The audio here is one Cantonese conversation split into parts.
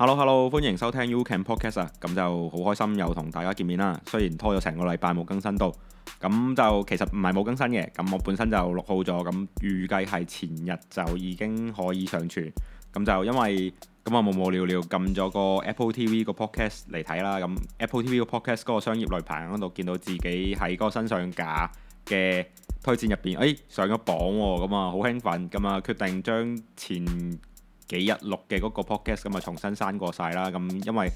Hello，Hello，hello，歡迎收聽 You Can Podcast 啊，咁就好開心又同大家見面啦。雖然拖咗成個禮拜冇更新到，咁就其實唔係冇更新嘅，咁我本身就錄好咗，咁預計係前日就已經可以上傳。咁就因為咁啊無無聊聊撳咗個 Apple TV 個 Podcast 嚟睇啦，咁 Apple TV 個 Podcast 嗰個商業類排行榜度見到自己喺嗰個新上架嘅推薦入邊，哎上咗榜喎，咁啊好興奮，咁啊決定將前幾日錄嘅嗰個 podcast 咁啊，重新刪過晒啦。咁因為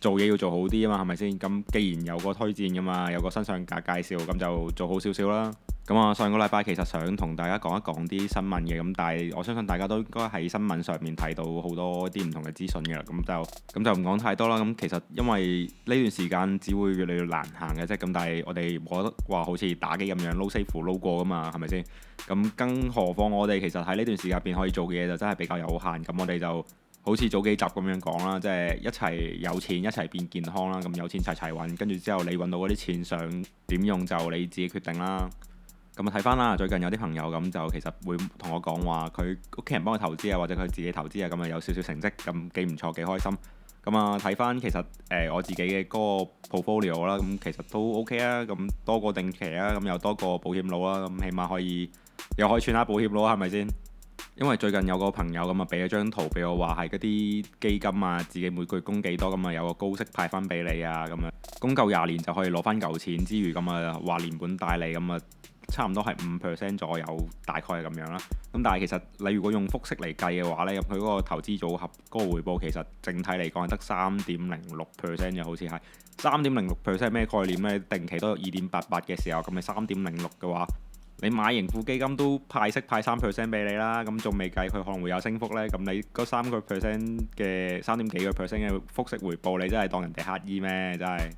做嘢要做好啲啊嘛，係咪先？咁既然有個推薦噶嘛，有個身上介紹，咁就做好少少啦。咁啊，上個禮拜其實想同大家講一講啲新聞嘅，咁但係我相信大家都應該喺新聞上面睇到好多啲唔同嘅資訊嘅啦。咁就咁就唔講太多啦。咁其實因為呢段時間只會越嚟越難行嘅啫。咁但係我哋覺得話好似打機咁樣撈西扶撈過吖嘛，係咪先？咁更何況我哋其實喺呢段時間入面可以做嘅嘢就真係比較有限。咁我哋就好似早幾集咁樣講啦，即係，一齊有錢一齊變健康啦。咁有錢齊齊揾，跟住之後你揾到嗰啲錢想點用就你自己決定啦。咁啊，睇翻啦。最近有啲朋友咁就其實會同我講話，佢屋企人幫佢投資啊，或者佢自己投資啊，咁啊有少少成績，咁幾唔錯，幾開心。咁啊，睇翻其實誒我自己嘅嗰個 portfolio 啦，咁其實都 OK 啊。咁多過定期啊，咁又多過保險佬啊，咁起碼可以又可以串下保險佬，係咪先？因為最近有個朋友咁啊，俾咗張圖俾我話係嗰啲基金啊，自己每個月供幾多咁啊，有個高息派翻俾你啊，咁樣供夠廿年就可以攞翻嚿錢之餘，咁啊話連本帶利咁啊。差唔多係五 percent 左右，大概係咁樣啦。咁但係其實你如果用複息嚟計嘅話呢，咁佢嗰個投資組合嗰個回報其實整體嚟講係得三點零六 percent 嘅，好似係三點零六 percent 係咩概念咧？定期都有二點八八嘅時候，咁你三點零六嘅話，你買盈富基金都派息派三 percent 俾你啦，咁仲未計佢可能會有升幅呢。咁你嗰三個 percent 嘅三點幾個 percent 嘅複息回報，你真係當人哋乞衣咩？真係。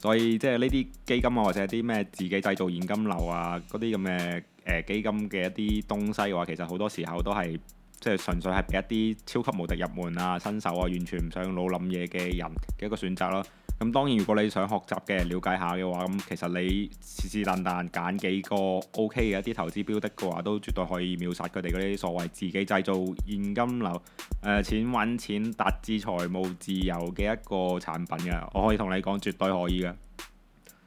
所以即係呢啲基金啊，或者啲咩自己製造現金流啊，嗰啲咁嘅誒基金嘅一啲東西嘅話，其實好多時候都係即係純粹係畀一啲超級無敵入門啊、新手啊、完全唔想用腦諗嘢嘅人嘅一個選擇咯。咁當然，如果你想學習嘅、了解下嘅話，咁其實你試試旦旦揀幾個 OK 嘅一啲投資標的嘅話，都絕對可以秒殺佢哋嗰啲所謂自己製造現金流、誒、呃、錢揾錢達至財務自由嘅一個產品㗎。我可以同你講，絕對可以嘅。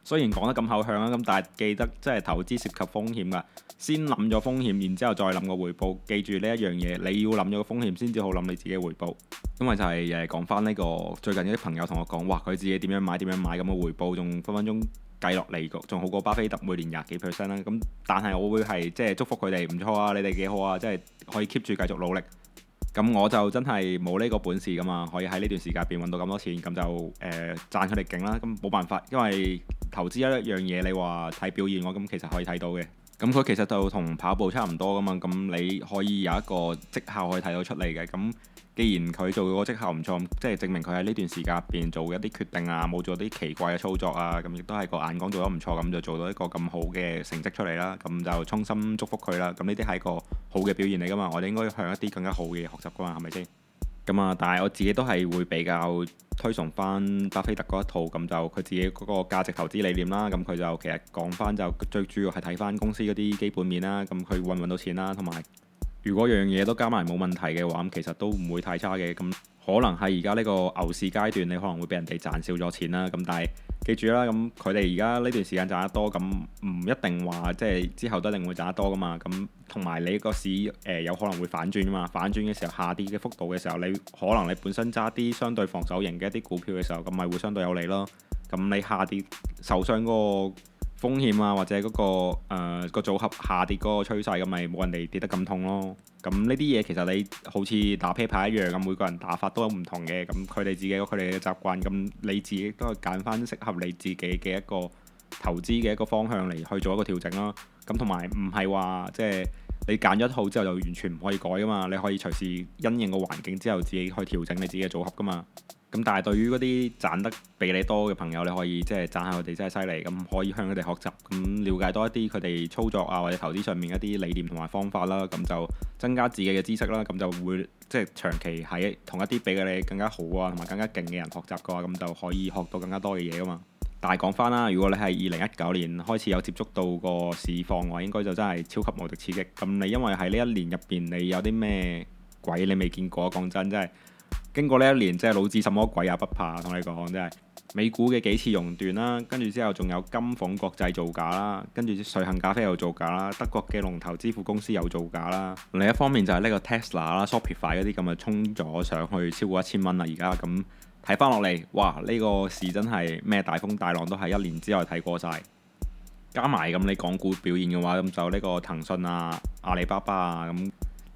雖然講得咁口向啦，咁但係記得即係投資涉及風險㗎，先諗咗風險，然之後再諗個回報。記住呢一樣嘢，你要諗咗個風險先至好諗你自己嘅回報。因為就係誒講翻呢個最近有啲朋友同我講，哇！佢自己點樣買點樣買咁嘅回報，仲分分鐘計落嚟個仲好過巴菲特每年廿幾 percent 啦。咁但係我會係即係祝福佢哋唔錯啊，你哋幾好啊，即係可以 keep 住繼續努力。咁我就真係冇呢個本事㗎嘛，可以喺呢段時間入面揾到咁多錢，咁就誒賺佢哋勁啦。咁、呃、冇辦法，因為投資一樣嘢，你話睇表現我咁其實可以睇到嘅。咁佢其實就同跑步差唔多噶嘛，咁你可以有一個績效可以睇到出嚟嘅。咁既然佢做到個績效唔錯，即係證明佢喺呢段時間入邊做一啲決定啊，冇做啲奇怪嘅操作啊，咁亦都係個眼光做得唔錯，咁就做到一個咁好嘅成績出嚟啦。咁就衷心祝福佢啦。咁呢啲係一個好嘅表現嚟噶嘛，我哋應該向一啲更加好嘅嘢學習噶嘛，係咪先？咁啊，但係我自己都係會比較推崇翻巴菲特嗰一套，咁就佢自己嗰個價值投資理念啦。咁佢就其實講翻就最主要係睇翻公司嗰啲基本面啦，咁佢揾唔揾到錢啦，同埋如果樣嘢都加埋冇問題嘅話，咁其實都唔會太差嘅。咁可能係而家呢個牛市階段，你可能會俾人哋賺少咗錢啦。咁但係，記住啦，咁佢哋而家呢段時間賺得多，咁唔一定話即係之後都一定會賺得多㗎嘛。咁同埋你個市誒有可能會反轉嘛，反轉嘅時候下跌嘅幅度嘅時候，你可能你本身揸啲相對防守型嘅一啲股票嘅時候，咁咪會相對有利囉。咁你下跌受傷嗰個風險啊，或者嗰、嗰個誒個、呃、組合下跌嗰個趨勢咁，咪冇人哋跌得咁痛咯。咁呢啲嘢其實你好似打啤牌一樣咁，每個人打法都有唔同嘅，咁佢哋自己有佢哋嘅習慣，咁你自己都係揀翻適合你自己嘅一個投資嘅一個方向嚟去做一個調整咯。咁同埋唔係話即係你揀咗一套之後就完全唔可以改噶嘛，你可以隨時因應個環境之後自己去調整你自己嘅組合噶嘛。咁但係對於嗰啲賺得比你多嘅朋友，你可以即係讚下佢哋真係犀利，咁可以向佢哋學習，咁了解多一啲佢哋操作啊或者投資上面一啲理念同埋方法啦，咁就增加自己嘅知識啦，咁就會即係、就是、長期喺同一啲比佢哋更加好啊同埋更加勁嘅人學習嘅話，咁就可以學到更加多嘅嘢噶嘛。但係講翻啦，如果你係二零一九年開始有接觸到個市況嘅話，應該就真係超級無敵刺激。咁你因為喺呢一年入邊，你有啲咩鬼你未見過？講真，真係～經過呢一年真係老子什麼鬼也、啊、不怕、啊，同你講真係，美股嘅幾次熔斷啦、啊，跟住之後仲有金鳳國際造假啦、啊，跟住瑞幸咖啡又造假啦、啊，德國嘅龍頭支付公司又造假啦、啊。另一方面就係呢個 Tesla 啦、Shopify 嗰啲咁啊，衝咗上去超過一千蚊啦，而家咁睇翻落嚟，哇！呢、呢個事真係咩大風大浪都係一年之內睇過晒。加埋咁你港股表現嘅話，咁就呢個騰訊啊、阿里巴巴啊咁。嗯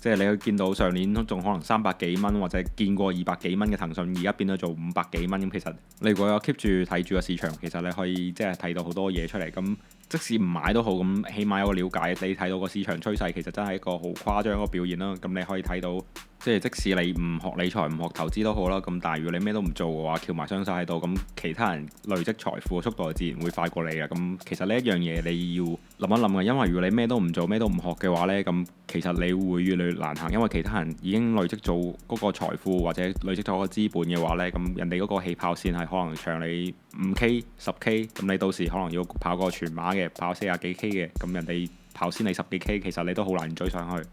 即係你會見到上年仲可能三百幾蚊，或者見過二百幾蚊嘅騰訊，而家變咗做五百幾蚊咁。其實你如果有 keep 住睇住個市場，其實你可以即係睇到好多嘢出嚟咁。即使唔買都好，咁起碼有個了解。你睇到個市場趨勢，其實真係一個好誇張個表現啦。咁你可以睇到，即係即使你唔學理財、唔學投資都好啦。咁但係如果你咩都唔做嘅話，翹埋雙手喺度，咁其他人累積財富嘅速度自然會快過你啊。咁其實呢一樣嘢你要諗一諗呀，因為如果你咩都唔做、咩都唔學嘅話呢，咁其實你會越嚟越難行，因為其他人已經累積做嗰個財富或者累積咗個資本嘅話呢。咁人哋嗰個起跑線係可能長你五 K、十 K，咁你到時可能要跑個全馬。跑四廿幾 K 嘅，咁人哋跑先你十幾 K，其實你都好難追上去。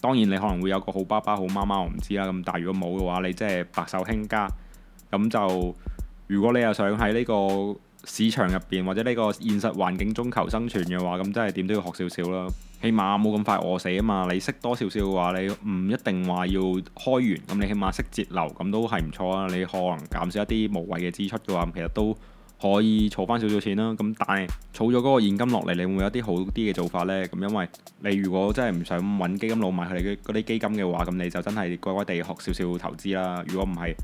當然你可能會有個好爸爸好媽媽，我唔知啦。咁但係如果冇嘅話，你真係白手興家。咁就如果你又想喺呢個市場入邊或者呢個現實環境中求生存嘅話，咁真係點都要學少少啦。起碼冇咁快餓死啊嘛。你識多少少嘅話，你唔一定話要開源。咁你起碼識節流，咁都係唔錯啊。你可能減少一啲無謂嘅支出嘅話，其實都，可以儲翻少少錢啦、啊，咁但係儲咗嗰個現金落嚟，你會唔會有啲好啲嘅做法呢？咁因為你如果真係唔想揾基金老埋佢哋嗰啲基金嘅話，咁你就真係乖乖地學少少投資啦。如果唔係，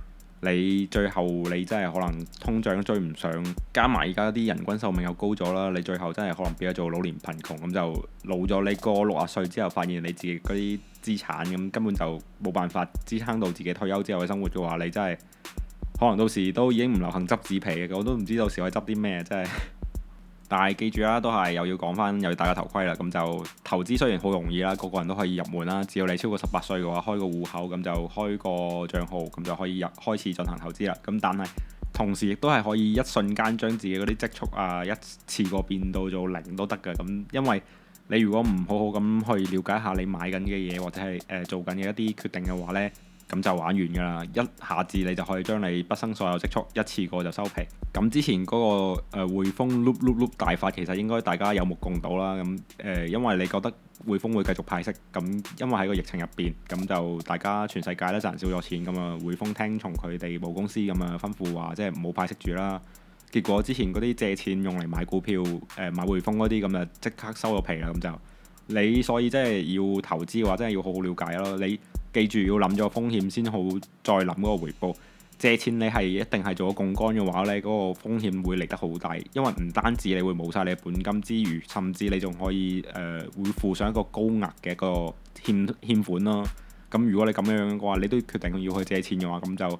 你最後你真係可能通脹都追唔上，加埋而家啲人均壽命又高咗啦，你最後真係可能變咗做老年貧窮，咁就老咗你過六十歲之後，發現你自己嗰啲資產咁根本就冇辦法支撐到自己退休之後嘅生活嘅話，你真係～可能到時都已經唔流行執紙皮嘅，我都唔知到時可以執啲咩，真係。但係記住啦、啊，都係又要講返又要戴個頭盔啦。咁就投資雖然好容易啦，個個人都可以入門啦。只要你超過十八歲嘅話，開個戶口咁就開個賬號，咁就可以入開始進行投資啦。咁但係同時亦都係可以一瞬間將自己嗰啲積蓄啊，一次過變到做零都得㗎。咁因為你如果唔好好咁去了解下你買緊嘅嘢，或者係誒、呃、做緊嘅一啲決定嘅話呢。咁就玩完噶啦！一下子你就可以將你畢生所有積蓄一次過就收皮。咁之前嗰、那個誒、呃、匯豐碌碌碌大法，其實應該大家有目共睹啦。咁誒、呃，因為你覺得匯豐會繼續派息，咁因為喺個疫情入邊，咁就大家全世界都賺少咗錢，咁啊匯豐聽從佢哋母公司咁啊吩咐話，即係冇派息住啦。結果之前嗰啲借錢用嚟買股票、誒、呃、買匯豐嗰啲咁啊，即刻收咗皮啦。咁就你所以即係要投資嘅話，真係要好好了解咯。你。記住要諗咗風險先好再諗嗰個回報。借錢你係一定係做咗槓桿嘅話咧，嗰個風險會嚟得好大，因為唔單止你會冇晒你嘅本金之餘，甚至你仲可以誒、呃、會付上一個高額嘅個欠欠款咯。咁如果你咁樣嘅話，你都決定要去借錢嘅話，咁就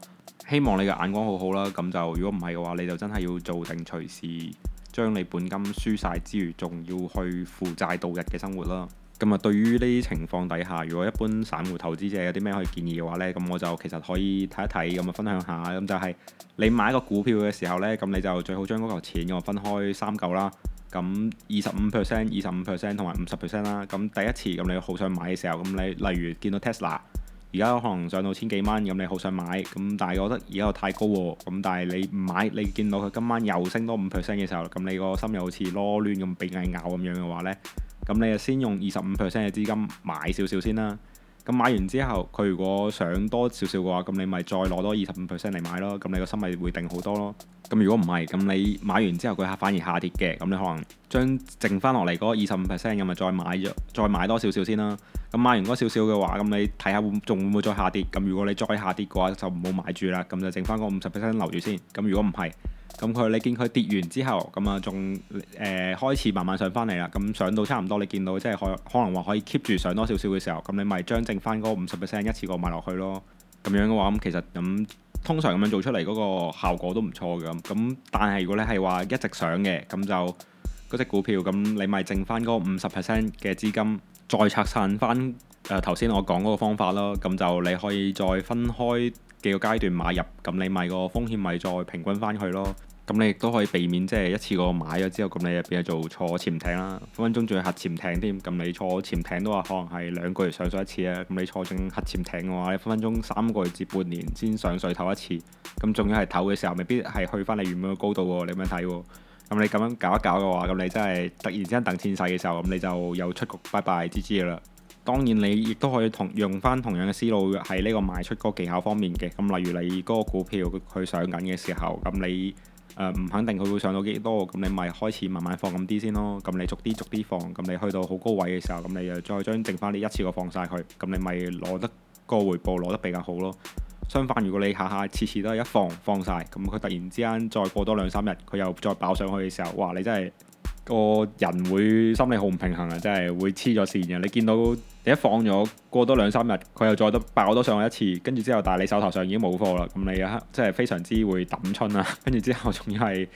希望你嘅眼光好好啦。咁就如果唔係嘅話，你就真係要做定隨時將你本金輸晒之餘，仲要去負債度日嘅生活啦。咁啊，對於呢啲情況底下，如果一般散戶投資者有啲咩可以建議嘅話呢，咁我就其實可以睇一睇咁啊，就分享下。咁就係你買一個股票嘅時候呢，咁你就最好將嗰嚿錢嘅話分開三嚿啦。咁二十五 percent、二十五 percent 同埋五十 percent 啦。咁第一次咁你好想買嘅時候，咁你例如見到 Tesla 而家可能上到千幾蚊，咁你好想買，咁但係我覺得而家又太高喎。咁但係你唔買，你見到佢今晚又升多五 percent 嘅時候，咁你個心又好似囉攣咁俾蟻咬咁樣嘅話呢。咁你就先用二十五 percent 嘅資金買少少先啦。咁買完之後，佢如果想多少少嘅話，咁你咪再攞多二十五 percent 嚟買咯。咁你個心咪會定好多咯。咁如果唔係，咁你買完之後佢下反而下跌嘅，咁你可能將剩翻落嚟嗰二十五 percent，咁咪再買咗，再買多少少先啦。咁買完多少少嘅話，咁你睇下仲會唔會再下跌？咁如果你再下跌嘅話，就唔好買住啦。咁就剩翻嗰五十 percent 留住先。咁如果唔係，咁佢你見佢跌完之後，咁啊仲誒開始慢慢上翻嚟啦，咁上到差唔多，你見到即係可可能話可以 keep 住上多少少嘅時候，咁你咪將剩翻嗰五十 percent 一次過買落去咯。咁樣嘅話，咁其實咁通常咁樣做出嚟嗰個效果都唔錯嘅咁。咁但係如果你係話一直上嘅，咁就嗰隻股票咁你咪剩翻嗰五十 percent 嘅資金再拆散翻誒頭先我講嗰個方法咯。咁就你可以再分開。幾個階段買入，咁你咪個風險咪再平均翻去咯。咁你亦都可以避免即係一次過買咗之後，咁你就變咗做坐潛艇啦，分分鐘仲要核潛艇添。咁你坐潛艇都話可能係兩個月上水一次啊。咁你坐正核潛艇嘅話，你分分鐘三個月至半年先上水唞一次。咁仲要係唞嘅時候，未必係去翻你原本嘅高度喎。你咁樣睇喎、啊。咁你咁樣搞一搞嘅話，咁你真係突然之間等錢使嘅時候，咁你就又出局拜拜之之啦。當然你亦都可以同用翻同樣嘅思路喺呢個賣出嗰個技巧方面嘅，咁例如你嗰個股票佢上緊嘅時候，咁你誒唔、呃、肯定佢會上到幾多，咁你咪開始慢慢放咁啲先咯，咁你逐啲逐啲放，咁你去到好高位嘅時候，咁你又再將剩翻啲一次過放晒佢，咁你咪攞得個回報攞得比較好咯。相反，如果你下下次次都係一放放晒，咁佢突然之間再過多兩三日，佢又再爆上去嘅時候，哇！你真係個人會心理好唔平衡啊，真係會黐咗線嘅，你見到。你一放咗過多兩三日，佢又再都爆多上去一次，跟住之後，但係你手頭上已經冇貨啦，咁你即係非常之會抌春啊，跟住之後仲要係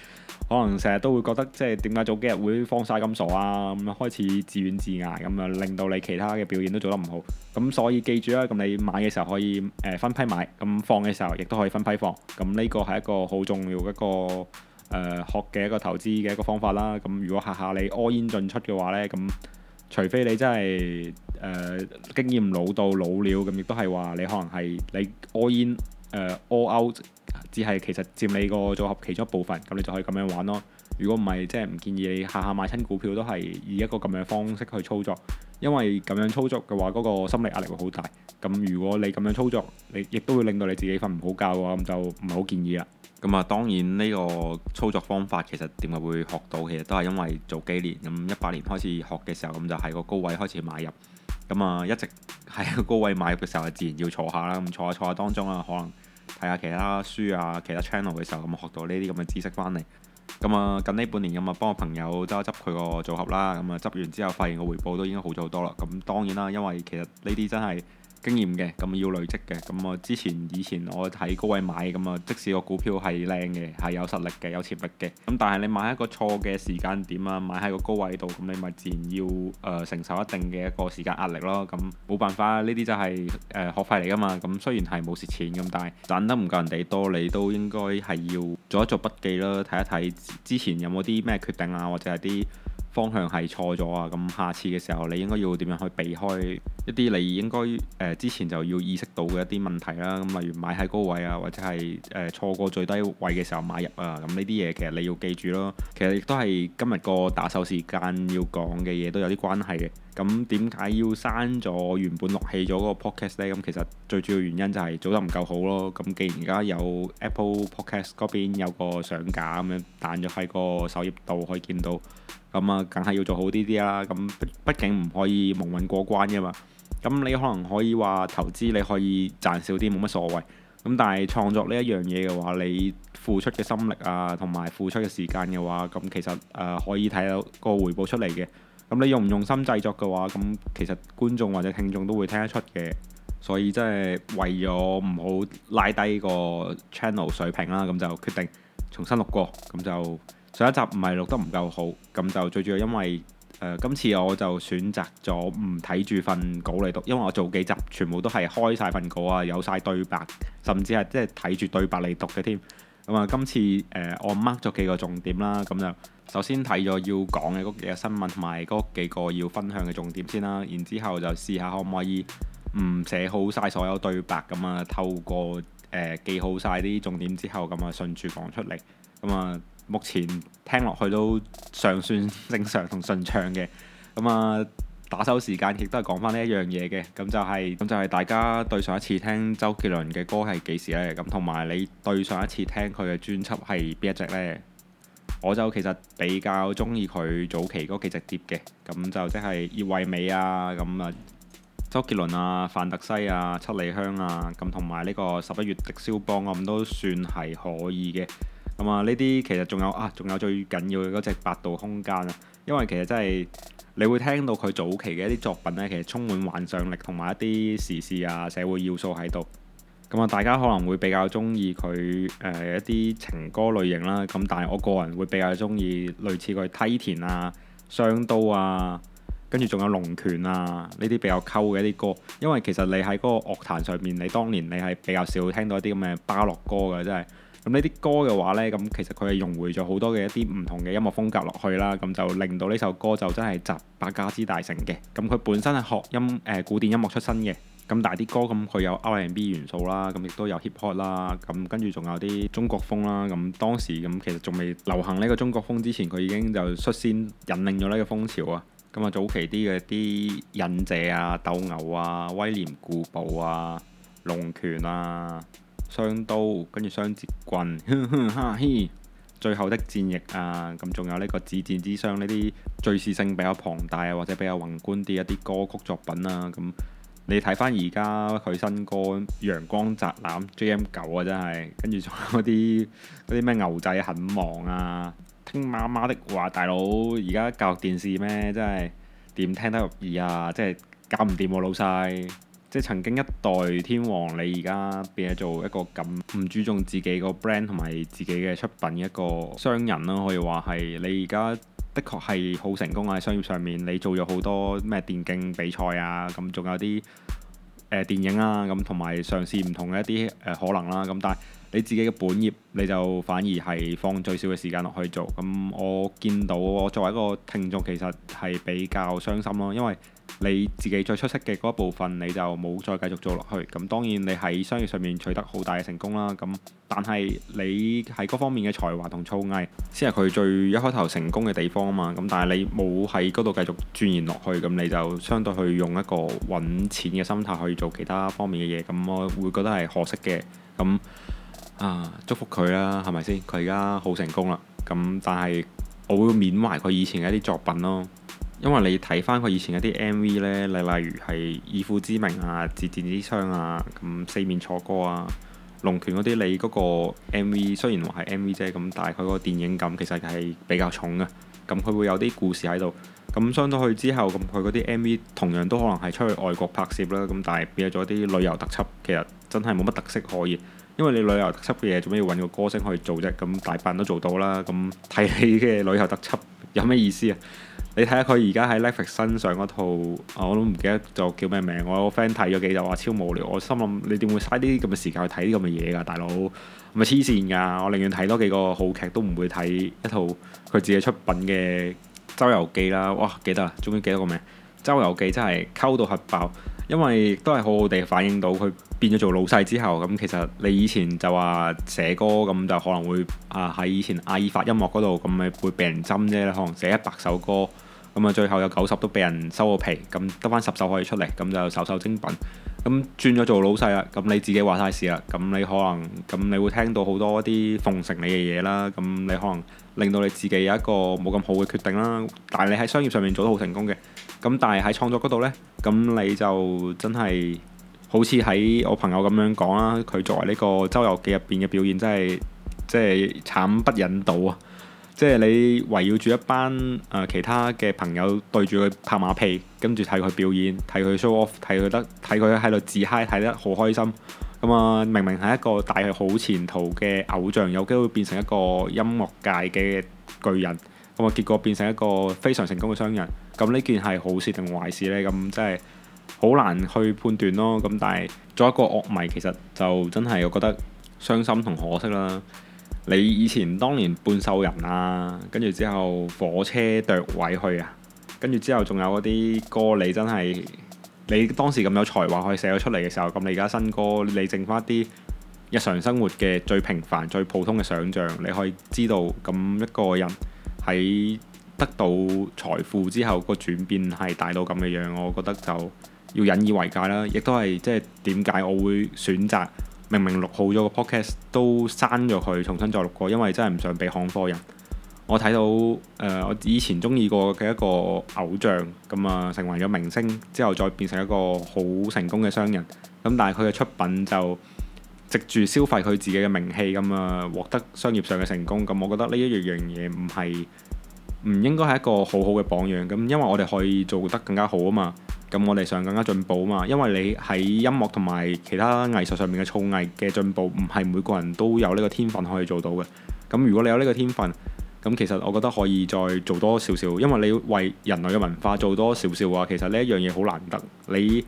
可能成日都會覺得即係點解早幾日會放晒咁傻啊，咁樣開始自怨自艾咁樣，令到你其他嘅表現都做得唔好，咁所以記住啦、啊，咁你買嘅時候可以誒、呃、分批買，咁放嘅時候亦都可以分批放，咁呢個係一個好重要一個誒、呃、學嘅一個投資嘅一個方法啦，咁如果下下你屙煙進出嘅話呢？咁。除非你真係誒、呃、經驗老到老了，咁亦都係話你可能係你 all in 誒、呃、all out，只係其實佔你個組合其中一部分，咁你就可以咁樣玩咯。如果唔係，即係唔建議你下下買親股票都係以一個咁樣方式去操作，因為咁樣操作嘅話，嗰個心理壓力會好大。咁如果你咁樣操作，你亦都會令到你自己瞓唔好覺嘅話，咁就唔係好建議啦。咁啊，當然呢個操作方法其實點解會學到，其實都係因為早幾年咁一八年開始學嘅時候，咁就喺個高位開始買入，咁啊一直喺個高位買入嘅時候，自然要坐下啦。咁坐下坐下當中啊，可能睇下其他書啊、其他 channel 嘅時候，咁學到呢啲咁嘅知識翻嚟。咁啊近呢半年咁啊，幫個朋友執一執佢個組合啦。咁啊執完之後發現個回報都已經好咗好多啦。咁當然啦，因為其實呢啲真係。經驗嘅，咁要累積嘅。咁我之前以前我喺高位買，咁啊，即使個股票係靚嘅係有實力嘅有潛力嘅，咁但係你買一個錯嘅時間點啊，買喺個高位度，咁你咪自然要誒、呃、承受一定嘅一個時間壓力咯。咁冇辦法，呢啲就係、是、誒、呃、學費嚟噶嘛。咁雖然係冇蝕錢咁，但係賺得唔夠人哋多，你都應該係要做一做筆記啦，睇一睇之前有冇啲咩決定啊，或者係啲方向係錯咗啊。咁下次嘅時候，你應該要點樣去避開？一啲你應該誒、呃、之前就要意識到嘅一啲問題啦，咁例如買喺高位啊，或者係誒、呃、錯過最低位嘅時候買入啊，咁呢啲嘢其實你要記住咯。其實亦都係今日個打手時間要講嘅嘢都有啲關係嘅。咁點解要刪咗原本錄起咗嗰個 Podcast 咧？咁其實最主要原因就係做得唔夠好咯。咁既然而家有 Apple Podcast 嗰邊有個上架咁樣彈咗喺個首頁度可以見到，咁啊梗係要做好啲啲啦。咁畢竟唔可以蒙混過關嘅嘛。咁你可能可以話投資你可以賺少啲冇乜所謂，咁但係創作呢一樣嘢嘅話，你付出嘅心力啊，同埋付出嘅時間嘅話，咁其實誒、呃、可以睇到個回報出嚟嘅。咁你用唔用心製作嘅話，咁其實觀眾或者聽眾都會聽得出嘅。所以真係為咗唔好拉低個 channel 水平啦，咁就決定重新錄過。咁就上一集唔係錄得唔夠好，咁就最主要因為。呃、今次我就選擇咗唔睇住份稿嚟讀，因為我做幾集全部都係開晒份稿啊，有晒對白，甚至係即係睇住對白嚟讀嘅添。咁、嗯、啊，今次誒、呃、我 mark 咗幾個重點啦，咁、嗯、就首先睇咗要講嘅嗰幾個新聞同埋嗰幾個要分享嘅重點先啦，然之後就試下可唔可以唔寫好晒所有對白，咁、嗯、啊透過誒、呃、記好晒啲重點之後，咁啊順住講出嚟，咁、嗯、啊。嗯目前聽落去都尚算正常同順暢嘅咁啊，打手時間亦都係講返呢一樣嘢嘅咁就係、是、咁就係大家對上一次聽周杰倫嘅歌係幾時呢？咁同埋你對上一次聽佢嘅專輯係邊一隻呢？我就其實比較中意佢早期嗰幾隻碟嘅，咁就即係葉惠美啊，咁啊周杰倫啊、范特西啊、七里香啊，咁同埋呢個十一月的蕭邦，啊，咁都算係可以嘅。咁啊，呢啲其實仲有啊，仲有最緊要嗰隻八度空間啊，因為其實真係你會聽到佢早期嘅一啲作品呢，其實充滿幻想力同埋一啲時事啊、社會要素喺度。咁、嗯、啊，大家可能會比較中意佢誒一啲情歌類型啦。咁但係我個人會比較中意類似佢梯田啊、雙刀啊，跟住仲有龍拳啊呢啲比較溝嘅一啲歌，因為其實你喺嗰個樂壇上面，你當年你係比較少聽到一啲咁嘅芭樂歌嘅，真係。咁呢啲歌嘅話呢，咁其實佢係融匯咗好多嘅一啲唔同嘅音樂風格落去啦，咁就令到呢首歌就真係集百家之大成嘅。咁佢本身係學音誒、呃、古典音樂出身嘅，咁但係啲歌咁佢有 R&B 元素啦，咁亦都有 hip hop 啦，咁跟住仲有啲中國風啦。咁當時咁其實仲未流行呢個中國風之前，佢已經就率先引領咗呢個風潮就啊。咁啊，早期啲嘅啲忍者啊、鬥牛啊、威廉古堡啊、龍拳啊。雙刀，跟住雙截棍，哈嘿！最後的戰役啊，咁仲有呢個《止戰之殤》呢啲敍事性比較龐大啊，或者比較宏觀啲一啲歌曲作品啊。咁你睇翻而家佢新歌《陽光宅男》J.M. 九啊，真係，跟住仲有啲嗰啲咩牛仔很忙啊，聽媽媽的話，大佬而家教育電視咩？真係點聽得入耳啊？即係搞唔掂喎，老細！即係曾經一代天王，你而家變咗做一個咁唔注重自己個 brand 同埋自己嘅出品嘅一個商人咯，可以話係你而家的確係好成功喺商業上面，你做咗好多咩電競比賽啊，咁仲有啲誒、呃、電影啊，咁同埋嘗試唔同嘅一啲誒、呃、可能啦，咁但係你自己嘅本業你就反而係放最少嘅時間落去做，咁我見到我作為一個聽眾其實係比較傷心咯，因為，你自己最出色嘅嗰一部分，你就冇再繼續做落去。咁當然你喺商業上面取得好大嘅成功啦。咁但係你喺嗰方面嘅才華同粗藝，先係佢最一開頭成功嘅地方啊嘛。咁但係你冇喺嗰度繼續鑽研落去，咁你就相對去用一個揾錢嘅心態去做其他方面嘅嘢。咁我會覺得係可惜嘅。咁啊，祝福佢啦，係咪先？佢而家好成功啦。咁但係我會緬懷佢以前嘅一啲作品咯。因為你睇翻佢以前嗰啲 M V 呢，例例如係以父之名啊、止戰之殤啊、咁四面楚歌啊、龍拳嗰啲，你嗰個 M V 雖然話係 M V 啫，咁但係佢個電影感其實係比較重嘅。咁佢會有啲故事喺度。咁上到去之後，咁佢嗰啲 M V 同樣都可能係出去外國拍攝啦。咁但係變咗啲旅遊特輯，其實真係冇乜特色可以。因為你旅遊特輯嘅嘢做咩要揾個歌星去做啫？咁大把人都做到啦。咁睇你嘅旅遊特輯有咩意思啊？你睇下佢而家喺 Netflix 身上嗰套，我都唔記得就叫咩名。我有個 friend 睇咗幾集，話超無聊。我心諗你點會嘥啲咁嘅時間去睇啲咁嘅嘢㗎，大佬，係咪黐線㗎！我寧願睇多幾個好劇，都唔會睇一套佢自己出品嘅《周遊記》啦。哇，記得啊，終於記得個名，《周遊記》真係溝到核爆。因為都係好好地反映到佢變咗做老細之後，咁其實你以前就話寫歌咁就可能會啊喺以前阿爾法音樂嗰度咁咪會被人針啫啦，可能寫一百首歌，咁啊最後有九十都被人收咗皮，咁得返十首可以出嚟，咁就首首精品。咁轉咗做老細啦，咁你自己話晒事啦，咁你可能咁你會聽到好多啲奉承你嘅嘢啦，咁你可能令到你自己有一個冇咁好嘅決定啦。但係你喺商業上面做得好成功嘅。咁但係喺創作嗰度呢，咁你就真係好似喺我朋友咁樣講啦、啊，佢作為呢、呢個《周遊記》入邊嘅表演真係即係慘不忍睹啊！即係你圍繞住一班誒、呃、其他嘅朋友對住佢拍馬屁，跟住睇佢表演，睇佢 show off，睇佢得睇佢喺度自嗨，睇得好開心。咁啊，明明係一個大好前途嘅偶像，有機會變成一個音樂界嘅巨人。咁啊，結果變成一個非常成功嘅商人。咁呢件係好事定壞事呢？咁真係好難去判斷咯。咁但係做一個樂迷，其實就真係我覺得傷心同可惜啦。你以前當年半獸人啊，跟住之後火車墮位去啊，跟住之後仲有嗰啲歌，你真係你當時咁有才華可以寫咗出嚟嘅時候，咁你而家新歌，你剩翻啲日常生活嘅最平凡、最普通嘅想像，你可以知道咁一個人。喺得到財富之後，個轉變係大到咁嘅樣，我覺得就要引以為戒啦。亦都係即係點解我會選擇明明錄好咗個 podcast 都刪咗佢，重新再錄過，因為真係唔想被看科人。我睇到誒、呃，我以前鍾意過嘅一個偶像咁啊、嗯，成為咗明星之後，再變成一個好成功嘅商人，咁、嗯、但係佢嘅出品就藉住消費佢自己嘅名氣咁啊，獲得商業上嘅成功，咁我覺得呢一樣嘢唔係唔應該係一個好好嘅榜樣，咁因為我哋可以做得更加好啊嘛，咁我哋想更加進步啊嘛，因為你喺音樂同埋其他藝術上面嘅創意嘅進步，唔係每個人都有呢個天分可以做到嘅，咁如果你有呢個天分，咁其實我覺得可以再做多少少，因為你要為人類嘅文化做多少少啊，其實呢一樣嘢好難得，你，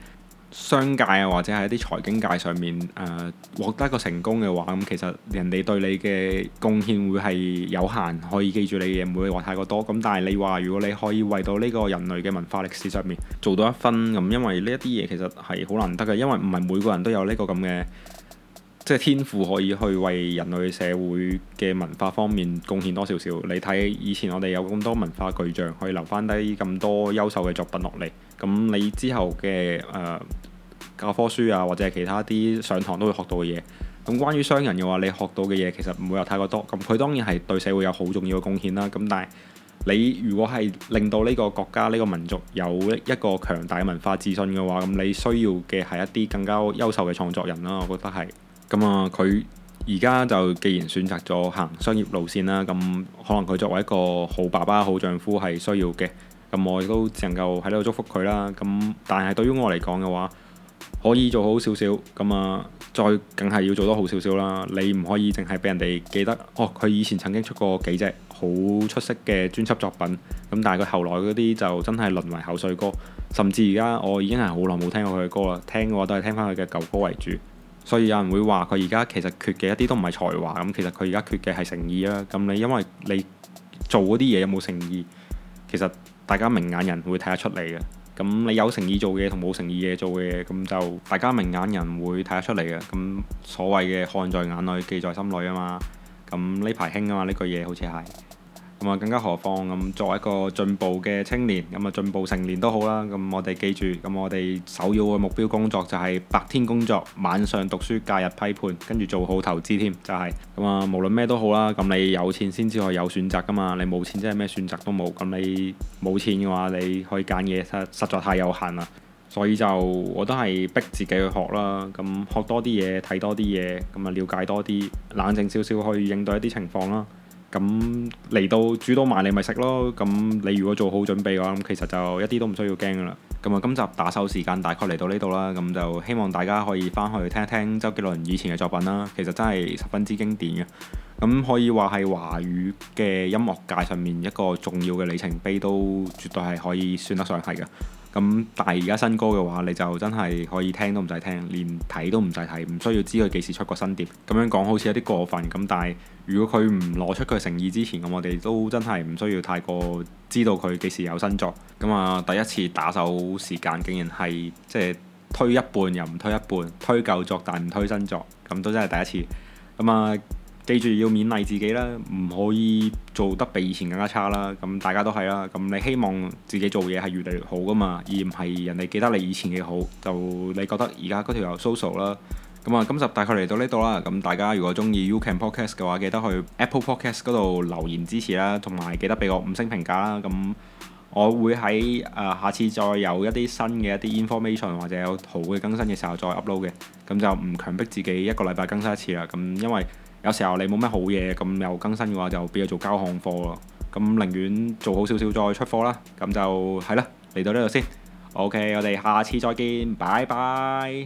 商界啊，或者係一啲財經界上面，誒、呃、獲得一個成功嘅話，咁其實人哋對你嘅貢獻會係有限，可以記住你嘅嘢，唔會話太過多。咁但係你話，如果你可以為到呢個人類嘅文化歷史上面做到一分，咁因為呢一啲嘢其實係好難得嘅，因為唔係每個人都有呢個咁嘅。即係天賦可以去為人類社會嘅文化方面貢獻多少少。你睇以前我哋有咁多文化巨匠，可以留翻低咁多優秀嘅作品落嚟。咁你之後嘅誒、呃、教科書啊，或者係其他啲上堂都會學到嘅嘢。咁關於商人嘅話，你學到嘅嘢其實唔會有太過多。咁佢當然係對社會有好重要嘅貢獻啦。咁但係你如果係令到呢個國家、呢、呢個民族有一個強大文化自信嘅話，咁你需要嘅係一啲更加優秀嘅創作人啦。我覺得係。咁啊，佢而家就既然選擇咗行商業路線啦，咁、嗯、可能佢作為一個好爸爸、好丈夫係需要嘅。咁、嗯、我亦都只能夠喺呢度祝福佢啦。咁、嗯、但係對於我嚟講嘅話，可以做好少少，咁、嗯、啊，再梗係要做多好少少啦。你唔可以淨係俾人哋記得哦。佢以前曾經出過幾隻好出色嘅專輯作品，咁、嗯、但係佢後來嗰啲就真係淪為口水歌，甚至而家我已經係好耐冇聽過佢嘅歌啦。聽嘅話都係聽翻佢嘅舊歌為主。所以有人會話佢而家其實缺嘅一啲都唔係才華，咁其實佢而家缺嘅係誠意啊！咁你因為你做嗰啲嘢有冇誠意，其實大家明眼人會睇得出嚟嘅。咁你有誠意做嘢同冇誠意嘢做嘅嘢，咁就大家明眼人會睇得出嚟嘅。咁所謂嘅看在眼內，記在心裏啊嘛。咁呢排興啊嘛，呢句嘢好似係。咁啊，更加何況咁，作為一個進步嘅青年，咁啊，進步成年都好啦。咁我哋記住，咁我哋首要嘅目標工作就係白天工作，晚上讀書，假日批判，跟住做好投資添，就係咁啊。無論咩都好啦，咁你有錢先至可以有選擇㗎嘛。你冇錢真係咩選擇都冇。咁你冇錢嘅話，你可以揀嘢實實在太有限啦。所以就我都係逼自己去學啦，咁學多啲嘢，睇多啲嘢，咁啊了解多啲，冷靜少少去應對一啲情況啦。咁嚟到煮到埋你咪食咯，咁你如果做好準備嘅話，咁其實就一啲都唔需要驚噶啦。咁啊，今集打手時間大概嚟到呢度啦，咁就希望大家可以返去聽一聽周杰倫以前嘅作品啦，其實真係十分之經典嘅，咁可以話係華語嘅音樂界上面一個重要嘅里程碑，都絕對係可以算得上係嘅。咁但係而家新歌嘅話，你就真係可以聽都唔使聽，連睇都唔使睇，唔需要知佢幾時出個新碟。咁樣講好似有啲過分。咁但係如果佢唔攞出佢誠意之前，咁我哋都真係唔需要太過知道佢幾時有新作。咁啊，第一次打手時間竟然係即係推一半又唔推一半，推舊作但唔推新作，咁都真係第一次。咁啊。記住要勉勵自己啦，唔可以做得比以前更加差啦。咁大家都係啦，咁你希望自己做嘢係越嚟越好㗎嘛，而唔係人哋記得你以前嘅好就你覺得而家嗰條又 so so 啦。咁啊，今集大概嚟到呢度啦。咁大家如果中意 You Can Podcast 嘅話，記得去 Apple Podcast 嗰度留言支持啦，同埋記得俾我五星評價啦。咁我會喺下次再有一啲新嘅一啲 information 或者有好嘅更新嘅時候再 upload 嘅。咁就唔強迫自己一個禮拜更新一次啦。咁因為有時候你冇乜好嘢咁又更新嘅話，就變咗做交行貨咯。咁寧願做好少少再出貨啦。咁就係啦，嚟到呢度先。OK，我哋下次再見，拜拜。